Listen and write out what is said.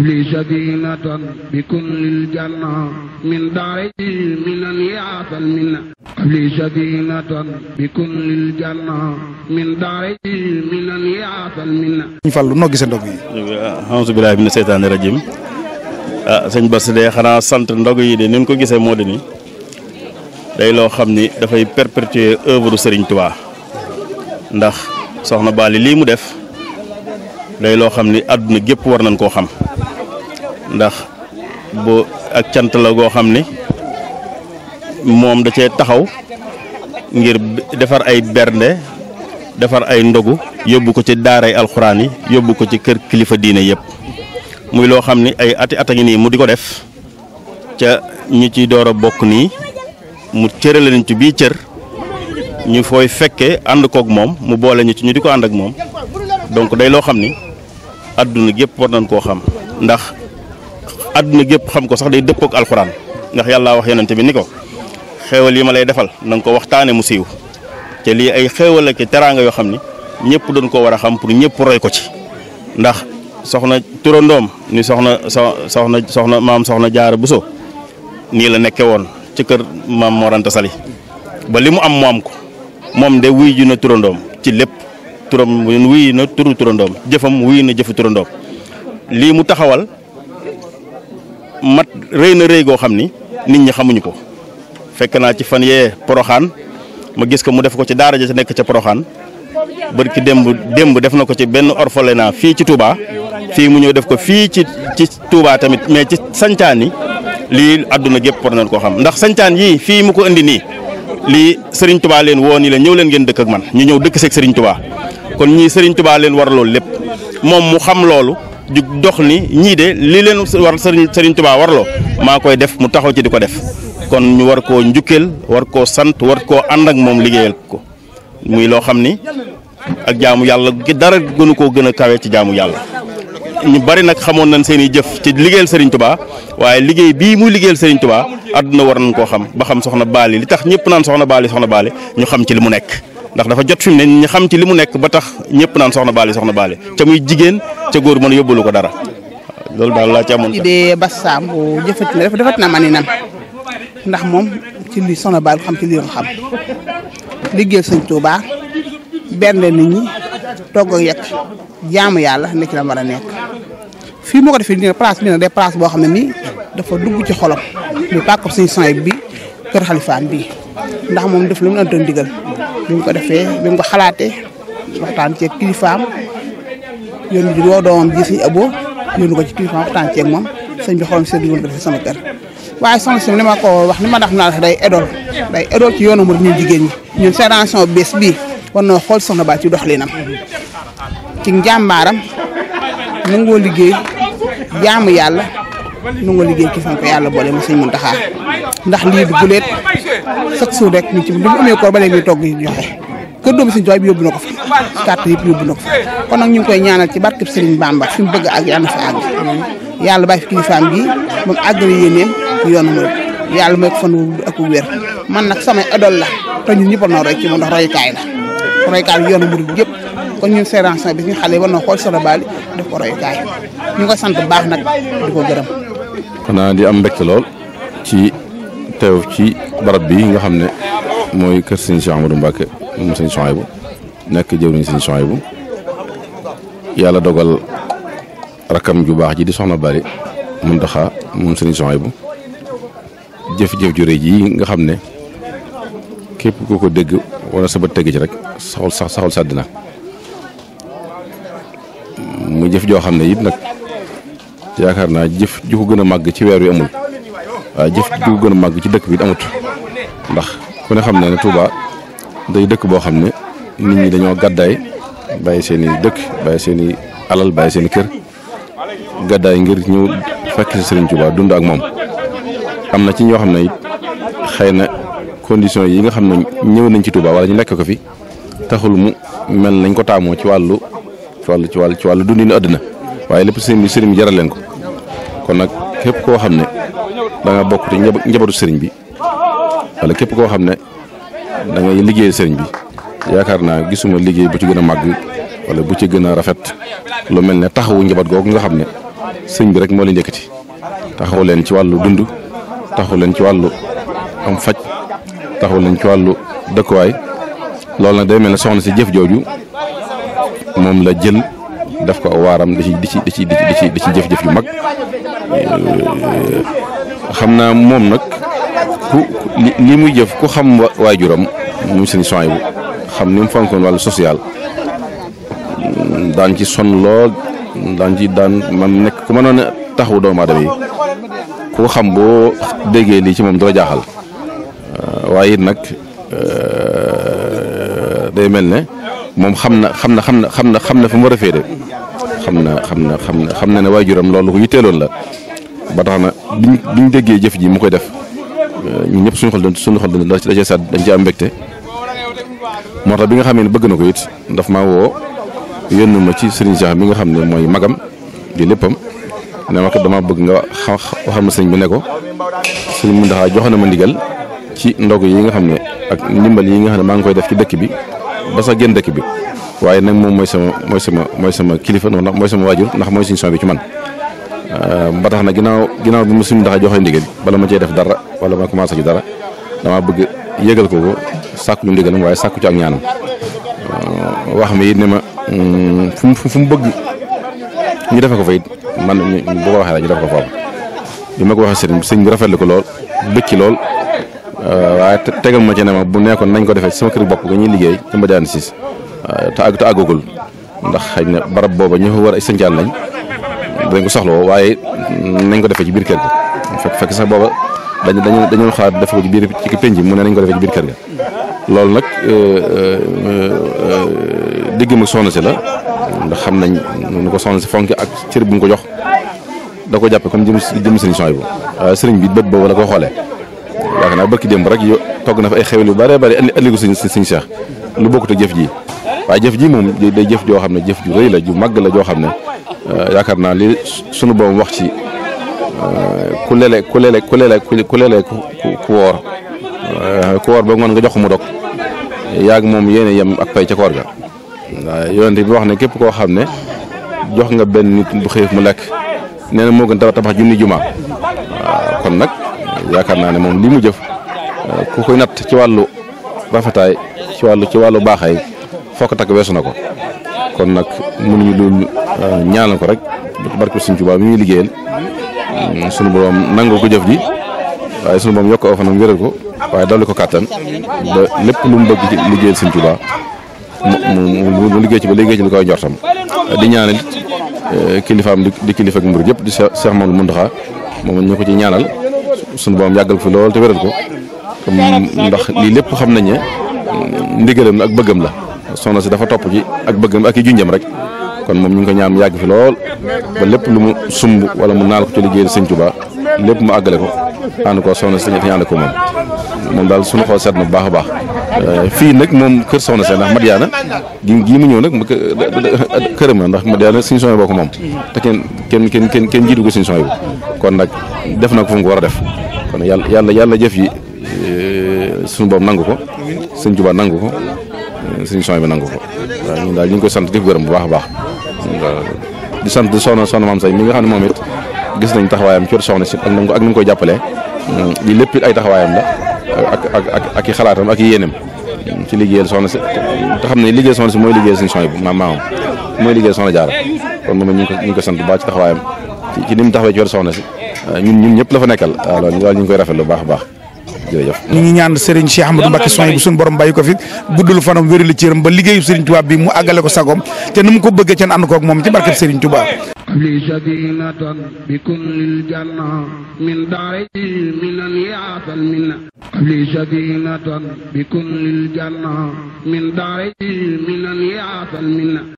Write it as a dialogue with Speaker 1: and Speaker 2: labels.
Speaker 1: li sadinatan bi kullil janna min daari ñu
Speaker 2: fàllu noo gisee ndog yi auzu billaahi mina seytaani rajiim ah sëñ Bass de xanaa sant ndog yi de ni ko gisee moo di ni day loo xam ni dafay perpétuer œuvre Serigne Touba ndax soxna Bali lii mu def day loo xam ni àdduna gépp war nañ koo xam ndax bu ak cant la goo xam ni moom da cee taxaw ngir defar ay bernde defar ay ndogu yóbbu ko ci daaray alxuraan yi yóbbu ko ci kër kilifa diine yëpp muy loo xam ni ay ati at a nii mu di ko def ca ñu ci door a bokk nii mu cërale nañ ci bii cër ñu fooy fekke ànd koog moom mu boole ñu ci ñu di ko ànd ak moom donc day loo xam ni àdduna gépp war nañ koo xam ndax àdduna gépp xam ko sax day dëppook alxuraan ndax yàlla wax yonente bi ni ko xéewal yi ma lay defal na ko waxtaane mu siiw te lii ay xéewal ak teraanga yoo xam ne ñëpp doon koo war a xam pour ñëpp roy ko ci ndax soxna turandoom ni soxna soxna soxna maam soxna bu buso nii la nekke woon ci kër maam Mor Anta Sali ba li mu am mu ko moom de wuy ju na turandoom ci lépp turam wuy na turu turandoom jëfam wuy na jëfi turandoom lii mu taxawal mat rëy na rëy goo xam ni nit ñi xamuñu ko fekk naa ci fan yee poroxaan ma gis ko mu def ko ci daara ja ca nekk ca poroxaan ki démb démb def na ko ci benn orfole naa fii ci Touba fii mu ñëw def ko fii ci ci Touba tamit mais ci sañcaan yi lii àdduna gépp war nañ koo xam ndax sañcaan yii fii mu ko indi nii lii Serigne Touba leen woo nii la ñëw leen ngeen dëkk ak man ñu ñëw dëkk seeg Serigne Touba kon ñii Serigne Touba leen war loolu lépp moom mu xam loolu. jug dox ni ñii de li leen war sëriñ sëriñ Tuubaa warloo maa koy def mu taxaw ci di ko def kon ñu war koo njukkeel war koo sant war koo ànd ak moom liggéeyal ko muy loo xam ni ak jaamu yàlla gi dara gënu koo gën a ci jaamu yàlla ñu bari nag xamoon nañ seen i jëf ci liggéeyal sëriñ Tuubaa waaye liggéey bii muy liggéeyal sëriñ Tuubaa àdduna war nañ koo xam ba xam soxna Baali li tax ñëpp naan soxna Baali soxna Baali ñu xam ci li mu nekk ndax dafa jot fi mu ne ñu xam ci li mu nekk ba tax ñëpp naan soxna Bally soxna baale ca muy jigéen ca góor mën a yóbbalu ko dara loolu daal laa ci amoon. idée
Speaker 1: Bassam bu jëfat na defat na man inam ndax moom ci lii soxna Bally xam ci li nga xam liggéey sëñ Touba benn nit ñi togg ak yekk jaamu yàlla ne ci la war a nekk. fii moo ko defee nii place bi nag day place boo xam ne nii dafa dugg ci xolam muy pàcc suñu son bi kër xalifaan bi ndax moom def lu mu doon digal. bi mu ko defee bi mu ko xalaatee waxtaan ceeg kilifaam yónni bi woo doomam ji suñu abo yónni ko ci kilifaam waxtaan ceeg moom sëñ bi xolam sedd sama kër waaye soxna si ni ma ko wax ni ma daf naa day edol day edol ci yoonu murid ñun jigéen ñi ñun génération bees bii war na xool soxna ba ci doxalinam ci njàmbaaram nangoo liggéey jaamu yàlla nu nga liggéey ci ko yàlla boole ma sëñ Muntaxa ndax lii du guleet chaque rek ñu ci bi mu amee koor ba léegi ñu togg ñu na ko fa carte yëpp yóbbu na ko koy ñaanal ci barkeb Sëriñ Bamba fi mu bëgg ak yàlla na yàlla bàyyi fi kilifaam gi moom àggale yéeneem yoonu mu yàlla mooy ko fan ak wér man nag samay adol la te ñu ñëpp noo roy ci moom ndax royukaay la royukaay bi yoonu murid yëpp kon ñun bi ñu xale war na xool solo baali ñu ngi koy sant baax nag di ko gërëm
Speaker 3: xanaa di am mbégte lool ci teew ci barab bii nga xam ne mooy kër sëñ Cheikh Amadou Mbacke moom sëñ Chouaïbou nekk jëwriñ sëñ Chouaïbou yàlla dogal rakam ju baax ji di soxna bari Muntaxa moom sëñ Chouaïbou jëf-jëf ju rëy ji nga xam ne képp ku ko dégg wala sa bët teg ci rek saxul sax saxul sàdd na mu jëf joo xam ne yit nag yaakaar naa jëf ju ko gën a màgg ci weer wi amul waaye jëf ju ko gën a màgg ci dëkk bi amut ndax ku ne xam ne ne Touba day dëkk boo xam ne nit ñi dañoo gàddaay bàyyi seen i dëkk bàyyi seen alal bàyyi seen kër gàddaay ngir ñëw fekk si Serigne Touba dund ak moom am na ci ñoo xam ne it xëy na condition yi nga xam ne ñëw nañ ci Touba wala ñu nekk ko fi taxul mu mel nañ ko taamoo ci wàllu ci wàllu ci wàllu ci wàllu dundinu àdduna waaye lépp sëriñ bi sëriñ bi jaral leen ko kon nag képp koo xam ne da nga bokk sëriñ bi wala képp koo xam ne da ngay liggéey sëriñ bi yaakaar naa gisuma liggéey bu ci gën a màgg wala bu ci gën a rafet lu mel ne taxawu njaboot googu nga xam ne sëriñ bi rek moo leen yëkkati taxawu leen ci wàllu dund taxawu leen ci wàllu am faj taxawu leen ci wàllu dëkkuwaay loolu nag day mel ne soxna si jëf jooju moom la jël. daf ko waaram da ci di ci di ci di ci di ci jëf-jëf yu mag eh, xam naa moom nag ku li muy jëf ku xam waajuram mu seen soin bu xam ni mu fonkoon wàllu social daan ci son lool daan ci daan man nekk ku mënoon a taxawu doomu aadama yi ku xam boo déggee lii ci moom dala jaaxal eh, waaye it nag eh, day mel ne moom xam na xam na xam na xam na xam na fi mu war a féete xam na xam na xam na xam na ne waajuram loolu ko yitteeloon la ba tax na biñ biñ déggee jëf ji mu koy def ñun ñëpp suñu xol doon suñu xol doon da cee saat dañ ci am mbégte moo tax bi nga xamee ne bëgg na ko it daf maa woo yónnu ma ci sëriñ Cheikh mi nga xam ne mooy magam di léppam ne ma kat damaa bëgg nga xa waxal ma sëñ bi ne ko sëñ Mountakha jox na ma ndigal ci ndog yi nga xam ne ak ndimbal yi nga xam ne maa ngi koy def ci dëkk bi ba sax génn dëkk bi. waaye nag moom mooy sama mooy sama mooy sama kilifa ndax mooy sama waajur ndax mooy suñu son bi ci man euh, ba tax na ginnaaw ginnaaw bi mu suñu ndax joxee ndigal bala ma cee def dara wala ma commencé ci dara damaa bëgg yëgal ko ko sàkku ñu ndigalam waaye sàkku ci ak ñaanam euh, wax ma it ne ma mm, fu mu fu mu bëgg ñu defe ko fa it man bu ko waxee la ñu def ko foofu bi ma ko waxee sëriñ sëriñ rafet rafetlu ko lool bëcc lool euh, waaye tegal ma ci ne ma bu nekkoon nañ ko defee sama kër bopp nga ñuy liggéey ci Mbadiane si te àgg te àggagul ndax xëy na barab booba ñu fa war ay sëncaan lañ dañ ko soxlawoo waaye nañ ko defee ci biir kër ga fekk fekk sax booba dañu dañu dañoo xaar def ko ci biir ci penc mu ne nañ ko defee ci kër ga loolu nag euh, euh, euh, digg mag soxna si la ndax xam nañ nu ko soxna si fonk ak cër bu mu ko jox da ko jàppe comme jëm jëm sëriñ sony bu sëriñ bi bët boobu la ko xoolee yaakaar naa barki démb rek yo togg na ay xewel yu bare bare andi andi ko sëñ si Cheikh lu bokkut ak jëf ji waaye jëf ji moom day jëf joo xam ne jëf ju rëy la ju màgg la joo xam ne euh, yaakaar naa li sunu boom wax ci euh, ku lele ku lele ku lele ku ku woor euh, ku woor ba ngoon nga jox ko mu dog yaag moom yéen yem ak pay ca koor ga yonent bi wax ne képp koo xam ne jox nga benn nit bu xiif mu lekk nee na moo gën tabax tabax junni juma kon nag yaakaar naa ne moom li mu jëf ku koy natt ci wàllu rafetaay ci wàllu ci wàllu baaxaay foo ko takk weesu na ko kon nag mënuñu dul euh, ñaanal ko rek barke Sëñ Tuubaa mi ñuy liggéeyal mm, sunu borom nangu ko jëf ji waaye sunu borom yokk a ko waaye dolli ko kàttan ba lépp lu mu bëgg ci liggéeyal liggéey ci ba liggéey ci li koy njortam di ñaanal euh, kilifaam di kilifa ak mbir yëpp di Cheikh Mamadou Mountakha moom ñu ko ci ñaanal sunu borom yàggal ko fi lool te wéral ko ndax lii lépp xam nañ ne mm, ndigalam la ak bëggam la. soxna si dafa topp ci ak bëggam ak i junjam rek kon moom ñu ngi ko ñaan mu yàgg fi lool ba lépp lu mu sumb wala mu naal ko ci liggéeyal sëñ Tuubaa lépp mu àggale ko ànd ko soxna si ñu ko moom moom daal suñu xool seet bu baax a baax euh, fii nag moom kër soxna si ndax Madiana gi gii mu ñëw nag këram na ndax Madiana suñu sooy boo ko moom te kenn kenn kenn kenn kenn jiitu ko suñu sooy kon nag def na ko fu mu war a def kon yàlla yàlla yàlla jëf yi euh, suñu boobu nangu ko sëñ Tuubaa nangu ko suñu son bi nangu ko waaw ñun daal ñu ngi koy sant di gërëm bu baax baax di sant di soxna soxna maam say mi nga xam ne moom it gis nañ taxawaayam ci soxna si ak ak ni mu koy jàppalee mm, lii lépp ay taxawaayam la ak ak ak ak i xalaatam ak i yéenam ci liggéeyal soxna si te xam ne liggéey soxna si mooy liggéey suñu son bi maam mooy liggéey soxna jaara kon moom ñu ngi ko ñu ngi ko sant bu baax ci taxawaayam ci ni mu taxawee ci soxna si ñun ñun ñëpp la fa nekkal waaw loolu ñu ngi koy rafet lu baax a baax ñu ngi
Speaker 2: ñaan Serigne Cheikh Ahmadou Mbacke soñ bu suñu borom bàyyi ko fi guddul fanam wérili cëram ba liggéeyu Serigne Touba bi mu àggale ko sagom te nu mu ko bëggee ceen ànd koog moom ci barkeb Serigne Touba
Speaker 1: li sadinatan bi kullil janna min daari minan yaatal minna li sadinatan bi kullil janna min daari minan yaatal
Speaker 2: minna